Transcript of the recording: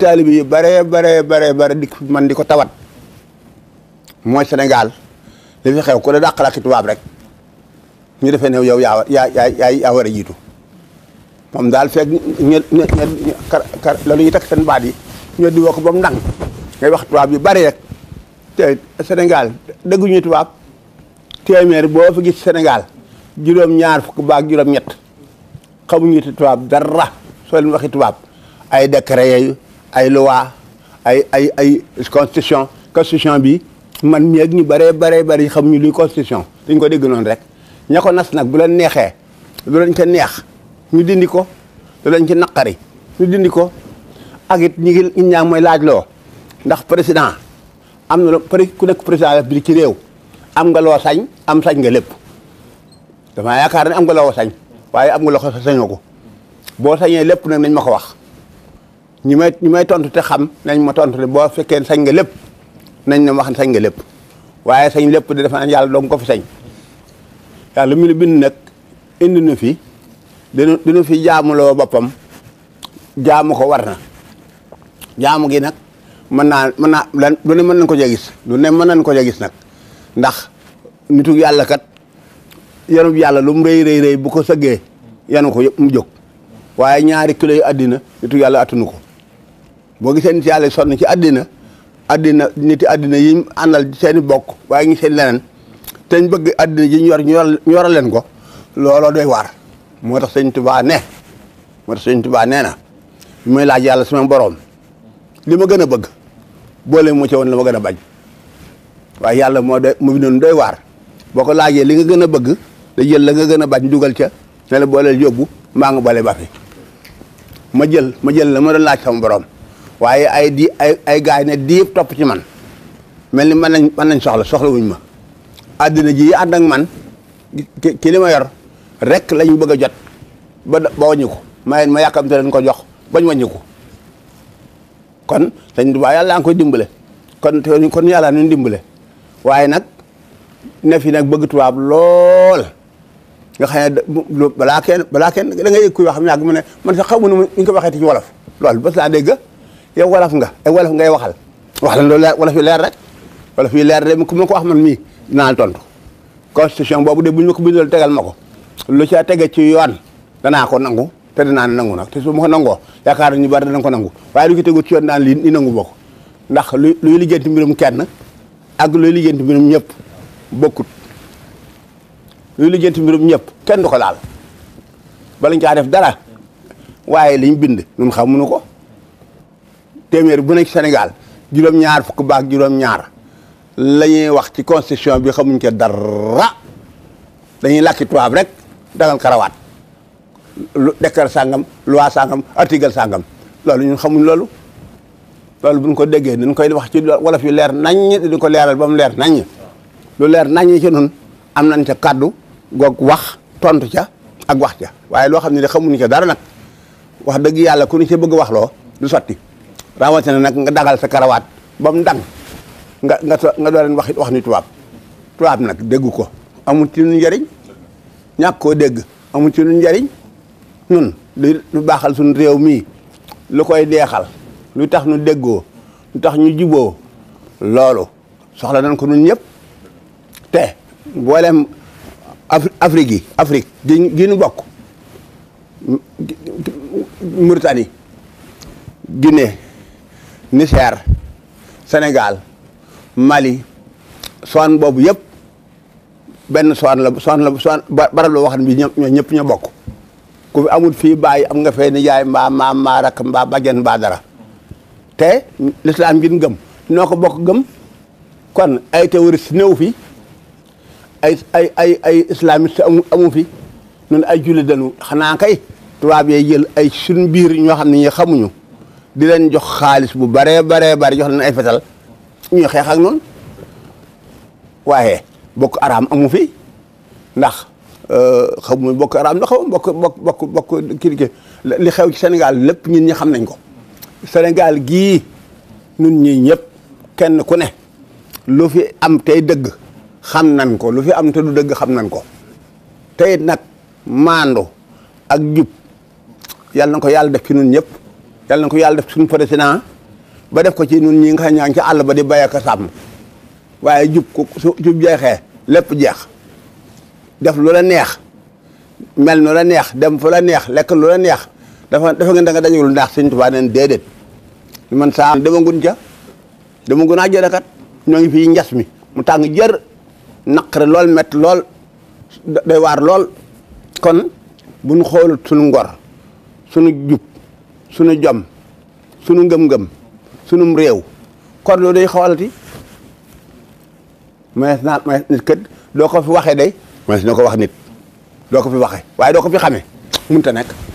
taalibe yu bare bare bare bare di man di ko tawat mooy senegal li fi xew ku la dàqal tubaab rek ñu defee new yow yaa yaa yaa yaa jiitu moom daal fekk ñe ñe ñe ñu teg seen baat yi ñoo di woo ko ba mu ndànk wax tubaab yu bari rek te Sénégal dëgguñu tubaab téeméer boo fa gis Sénégal juróom-ñaar fukk baag juróom-ñett xamuñu tubaab dara soo leen waxi tubaab ay décret yooyu ay loi ay ay ay constitution constitution bi man mii ak ñu bëree bare bëri xam ñu luy constitution dañ ko dégg noonu rek ña ko nas nag bu la neexee lu lañ ko neex ñu dindi ko lu lañ ci naqari ñu dindi ko agit ñu ñi ngi ñaa mooy laaj loo ndax président am na ku nekk président bi ci réew am nga loo sañ am sañ nga lépp damaa yaakaar ne am nga loo sañ waaye am nga loo sañoo ko boo sañee lépp nag nañ ma ko wax ñi may ñi may tontu te xam nañ ma tontu boo fekkee sañ nga lépp nañ ne wax sañ nga lépp waaye sañ lépp di dafa naan yàlla dong ko fi sañ mi bind nag indi na fi dinu fi jaamuloo boppam jaamu ko war na jaamu gi nag mën naa mën naa lan mën nañ ko ja gis lu ne mën nañ ko ja gis nag ndax nitu yàlla kat yanub yàlla lu mu rëy rëy rëy bu ko sëggee yanu ko mu jóg waaye ñaari kiloy yu àddina nitu yàlla attunu ko boo gisee nit yàlla sonn ci àddina àddina nit àddina yi àndal seeni i bokk waaye ngi seen leneen te ñu bëgg àddina ji ñor ñor leen ko looloo doy waar moo tax sëñ Tuubaa ne moo tax sëñ Tuubaa nee na bi may laaj yàlla sama boroom li ma gën a bëgg boole mu ci woon la ma gën a bañ waaye yàlla moo doy mu noonu doy waar boo ko laajee li nga gën a bëgg da jël la nga gën a bañ dugal ca ne la booleel yóbbu maa nga boole ba fi ma jël ma jël la ma doon laaj sama boroom waaye ay di ay ay gars yi ne diib topp ci man mel ni mën nañ mën nañ soxla soxla wuñ ma àddina ji ànd ak man ci li ma yor rek lañu ñu bëgg jot ba ba wàññi ko ma ma yàkkamte leen ko jox bañ wàññi ko kon sëñ Tuubaa yàlla nga koy dimbale kon kon yàlla nañu dimbale waaye nag nefi fi nag bëgg tubaab lool nga xam ne balaa kenn balaa kenn da nga yëg kuy wax mu ne man sax xamu nu ñu ko waxee ci wolof loolu bés laa dégg yow wolof nga ay wolof ngay waxal wax lan loolu wolof leer rek wolof yi leer rek ku ma ko wax man mii dinaa la tontu constitution boobu de buñ ma ko bindal tegal ma ko lu ca tege ci yoon danaa ko nangu te dinaa nangu nag te su ma ko nangoo yaakaar ñu bari danañ ko nangu waaye tegu ci yoon daan lii nangu ma ndax lu luy liggéeyanti mbirum kenn ak luy liggéeyanti mbirum ñëpp bokkut luy liggéeyanti mbirum ñëpp kenn du ko laal bala ñu caa def dara waaye liñ bind ñun xamuñu ko. téeméer bu nek Sénégal juróom-ñaar fuk baak juróom-ñaar lañuy wax ci constitution bi xamuñ ko dara dañuy lakki tubaab rek dagal karawat lu sangam loi sangam article sangam lolu ñun xamuñ lolu lolu buñ ko déggé ñun koy wax ci wala fi leer nañ di diko léral bam mu nañ lu leer nañ ci ñun am nañ ci kaddu gog wax tontu ca ak wax ca waye lo xamni ne xamuñ ca dara nak wax deug yalla ku ñu ci bëgg wax lo du sotti rawatina nak nga dagal sa karawat bam dang nga nga nga doo leen waxit wax ni tuwab tuwab nak dégg ko amu ci ñu jariñ ñak ko degg amu ci ñu jariñ nun lu baxal sun rew mi lu koy deexal lu tax ñu deggo lu tax ñu jibo lolu soxla nañ ko ñun ñep té bolem afriki afrik gi ñu mauritanie guinée Niger senegal Mali soine boobu yëpp benn soine la soine la soine barab la waxan bi ñoom ñëpp ñoo bokk ku fi amul fii bàyyi am nga fee nijaay mbaa maam mbaa rakk mbaa bàjjen mbaa dara te lislaam gin gëm noo ko bokk gëm kon ay terroriste néew fi ay ay ay ay amu fi ñun ay jullit dañu xanaa kay tubaab yee jël ay suñu biir ñoo xam ne ñi xamuñu di leen jox xaalis bu baree baree bari jox leen ay fetal ñuy xeex ak noonu waaye bokk araam amu fi ndax euh, xamu bokk araam ndax bokk bokk bokk bokk kii kii li xew ci Sénégal lépp ñun ñi xam nañ ko Sénégal gii ñun ñii ñëpp kenn ku ne lu fi am tey dëgg xam nañ ko lu fi am te du dëgg xam nañ ko tey nag maandu ak jub yàlla na ko yàlla def ci ñun ñëpp yàlla na ko yàlla def suñu naa ba def ko ci ñun ñi nga xam ñaa ci àll ba di bay ak sàmm waaye jub ko su jub jeexee lépp jeex def lu la neex mel nu la neex dem fu la neex lekk lu la neex dafa dafa ngeen da nga dajul ndax Sëñ Tuubaa neen déedéet man saa demagun ca demagun a jërakat ñoo ngi fii njas mi mu tàng jër naqare lool mett lool doy waar lool kon buñ xoolut suñu ngor suñu jub sunu jom sunu ngëm-ngëm sunum réew kon loolu day xawalati manees naa manees nit kët doo ko fi waxee day manees na ko wax nit doo ko fi waxee waaye doo ko fi xamee mënta nekk